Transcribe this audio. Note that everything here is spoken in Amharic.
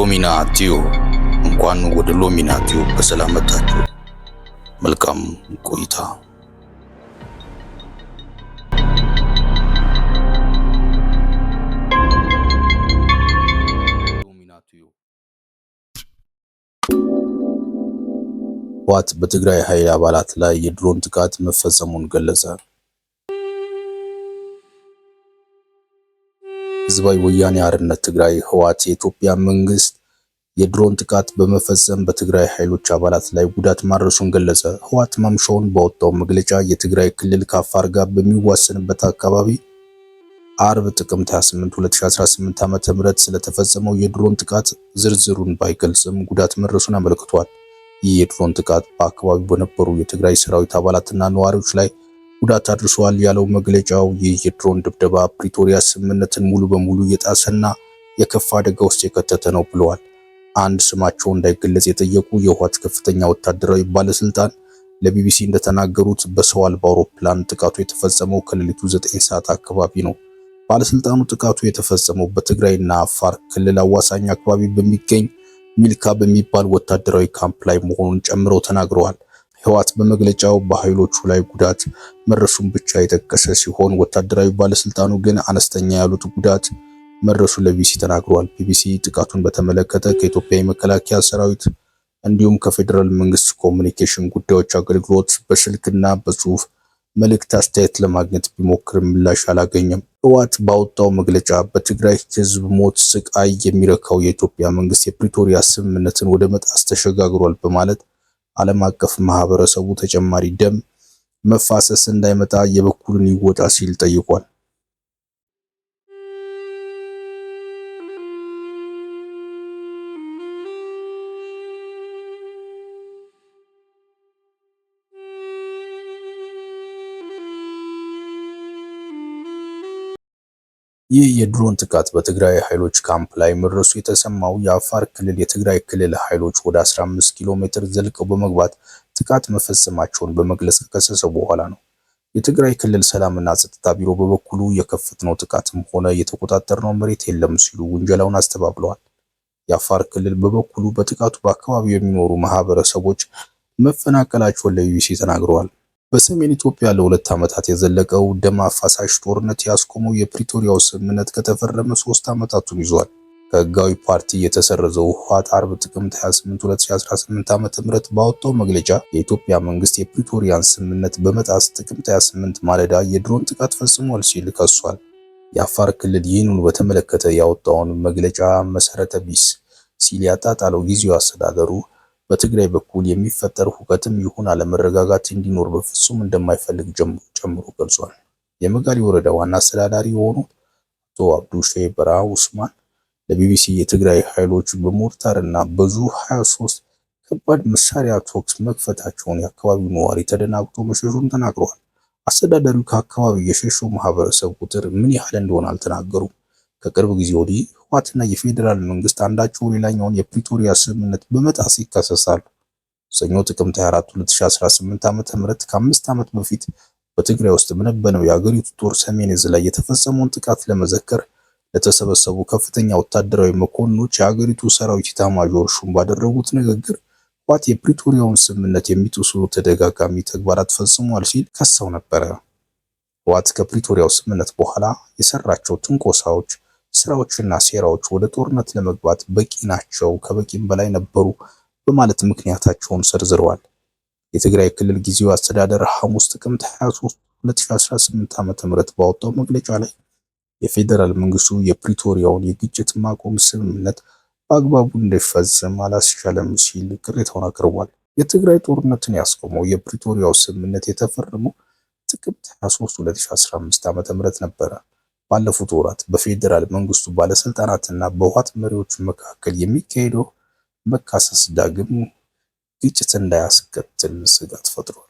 ሎሚና ቲዩ እንኳን ወደ ሎሚና ቲዩ በሰላም መጣችሁ። መልካም ቆይታ። ህወሓት በትግራይ ኃይል አባላት ላይ የድሮን ጥቃት መፈጸሙን ገለጸ። ህዝባዊ ወያኔ አርነት ትግራይ ህወሓት የኢትዮጵያ መንግስት የድሮን ጥቃት በመፈጸም በትግራይ ኃይሎች አባላት ላይ ጉዳት ማድረሱን ገለጸ። ህወሓት ማምሻውን በወጣው መግለጫ የትግራይ ክልል ከአፋር ጋር በሚዋሰንበት አካባቢ አርብ ጥቅምት 28 2018 ዓ.ም ስለተፈጸመው የድሮን ጥቃት ዝርዝሩን ባይገልጽም ጉዳት መድረሱን አመልክቷል። ይህ የድሮን ጥቃት በአካባቢው በነበሩ የትግራይ ሰራዊት አባላትና ነዋሪዎች ላይ ጉዳት አድርሷል ያለው መግለጫው ይህ የድሮን ድብደባ ፕሪቶሪያ ስምምነትን ሙሉ በሙሉ የጣሰና የከፋ አደጋ ውስጥ የከተተ ነው ብለዋል። አንድ ስማቸው እንዳይገለጽ የጠየቁ የህወሓት ከፍተኛ ወታደራዊ ባለስልጣን ለቢቢሲ እንደተናገሩት በሰው አልባ አውሮፕላን ጥቃቱ የተፈጸመው ከሌሊቱ 9 ሰዓት አካባቢ ነው። ባለስልጣኑ ጥቃቱ የተፈጸመው በትግራይና አፋር ክልል አዋሳኝ አካባቢ በሚገኝ ሚልካ በሚባል ወታደራዊ ካምፕ ላይ መሆኑን ጨምረው ተናግረዋል። ህወሓት በመግለጫው በኃይሎቹ ላይ ጉዳት መድረሱን ብቻ የጠቀሰ ሲሆን ወታደራዊ ባለስልጣኑ ግን አነስተኛ ያሉት ጉዳት መድረሱን ለቢቢሲ ተናግሯል። ቢቢሲ ጥቃቱን በተመለከተ ከኢትዮጵያ የመከላከያ ሰራዊት እንዲሁም ከፌዴራል መንግስት ኮሚኒኬሽን ጉዳዮች አገልግሎት በስልክና በጽሁፍ መልእክት አስተያየት ለማግኘት ቢሞክር ምላሽ አላገኘም። ህወሓት ባወጣው መግለጫ በትግራይ ህዝብ ሞት ስቃይ የሚረካው የኢትዮጵያ መንግስት የፕሪቶሪያ ስምምነትን ወደ መጣስ ተሸጋግሯል በማለት ዓለም አቀፍ ማህበረሰቡ ተጨማሪ ደም መፋሰስ እንዳይመጣ የበኩሉን ይወጣ ሲል ጠይቋል። ይህ የድሮን ጥቃት በትግራይ ኃይሎች ካምፕ ላይ መድረሱ የተሰማው የአፋር ክልል የትግራይ ክልል ኃይሎች ወደ 15 ኪሎ ሜትር ዘልቀው በመግባት ጥቃት መፈጸማቸውን በመግለጽ ከከሰሰው በኋላ ነው። የትግራይ ክልል ሰላምና ጸጥታ ቢሮ በበኩሉ የከፈትነው ጥቃትም ሆነ የተቆጣጠርነው መሬት የለም ሲሉ ውንጀላውን አስተባብለዋል። የአፋር ክልል በበኩሉ በጥቃቱ በአካባቢው የሚኖሩ ማህበረሰቦች መፈናቀላቸውን ለዩሲ ተናግረዋል። በሰሜን ኢትዮጵያ ለሁለት ዓመታት የዘለቀው ደም አፋሳሽ ጦርነት ያስቆመው የፕሪቶሪያው ስምምነት ከተፈረመ ሶስት ዓመታቱን ይዟል። ከህጋዊ ፓርቲ የተሰረዘው ህወሓት አርብ ጥቅምት 28 2018 ዓ.ም ባወጣው መግለጫ የኢትዮጵያ መንግስት የፕሪቶሪያን ስምምነት በመጣስ ጥቅምት 28 ማለዳ የድሮን ጥቃት ፈጽሟል ሲል ከሷል። የአፋር ክልል ይህንኑ በተመለከተ ያወጣውን መግለጫ መሰረተ ቢስ ሲል ያጣጣለው ጊዜው አስተዳደሩ በትግራይ በኩል የሚፈጠር ሁከትም ይሁን አለመረጋጋት እንዲኖር በፍጹም እንደማይፈልግ ጨምሮ ገልጿል። የመጋሌ ወረዳ ዋና አስተዳዳሪ የሆኑት አቶ አብዱ ሼህ በራ ኡስማን ለቢቢሲ የትግራይ ኃይሎች በሞርታር እና በዙ 23 ከባድ መሳሪያ ቶክስ መክፈታቸውን የአካባቢው ነዋሪ ተደናግጦ መሸሹን ተናግረዋል። አስተዳዳሪው ከአካባቢው የሸሸው ማህበረሰብ ቁጥር ምን ያህል እንደሆነ አልተናገሩም። ከቅርብ ጊዜ ወዲህ ህወሓትና የፌዴራል መንግስት አንዳቸው ሌላኛውን የፕሪቶሪያ ስምምነት በመጣስ ይከሰሳሉ። ሰኞ ጥቅምት 24 2018 ዓ.ም ከአምስት ዓመት በፊት በትግራይ ውስጥ በነበረው የአገሪቱ ጦር ሰሜን ዕዝ ላይ የተፈጸመውን ጥቃት ለመዘከር ለተሰበሰቡ ከፍተኛ ወታደራዊ መኮንኖች የአገሪቱ ሰራዊት ኢታማዦር ሹም ባደረጉት ንግግር ህወሓት የፕሪቶሪያውን ስምምነት የሚጥሱ ተደጋጋሚ ተግባራት ፈጽሟል ሲል ከሰው ነበረ። ህወሓት ከፕሪቶሪያው ስምምነት በኋላ የሰራቸው ትንኮሳዎች ስራዎችና ሴራዎች ወደ ጦርነት ለመግባት በቂ ናቸው፣ ከበቂም በላይ ነበሩ በማለት ምክንያታቸውን ሰርዝረዋል። የትግራይ ክልል ጊዜው አስተዳደር ሐሙስ ጥቅምት 23 2018 ም ባወጣው መግለጫ ላይ የፌዴራል መንግስቱ የፕሪቶሪያውን የግጭት ማቆም ስምምነት በአግባቡ እንዲፈጸም አላስቻለም ሲል ቅሬታውን አቅርቧል። የትግራይ ጦርነትን ያስቆመው የፕሪቶሪያው ስምምነት የተፈረመው ጥቅምት 23 2015 ም ነበረ። ባለፉት ወራት በፌዴራል መንግስቱ ባለስልጣናትና በህወሓት መሪዎች መካከል የሚካሄደው መካሰስ ዳግም ግጭት እንዳያስከትል ስጋት ፈጥሯል።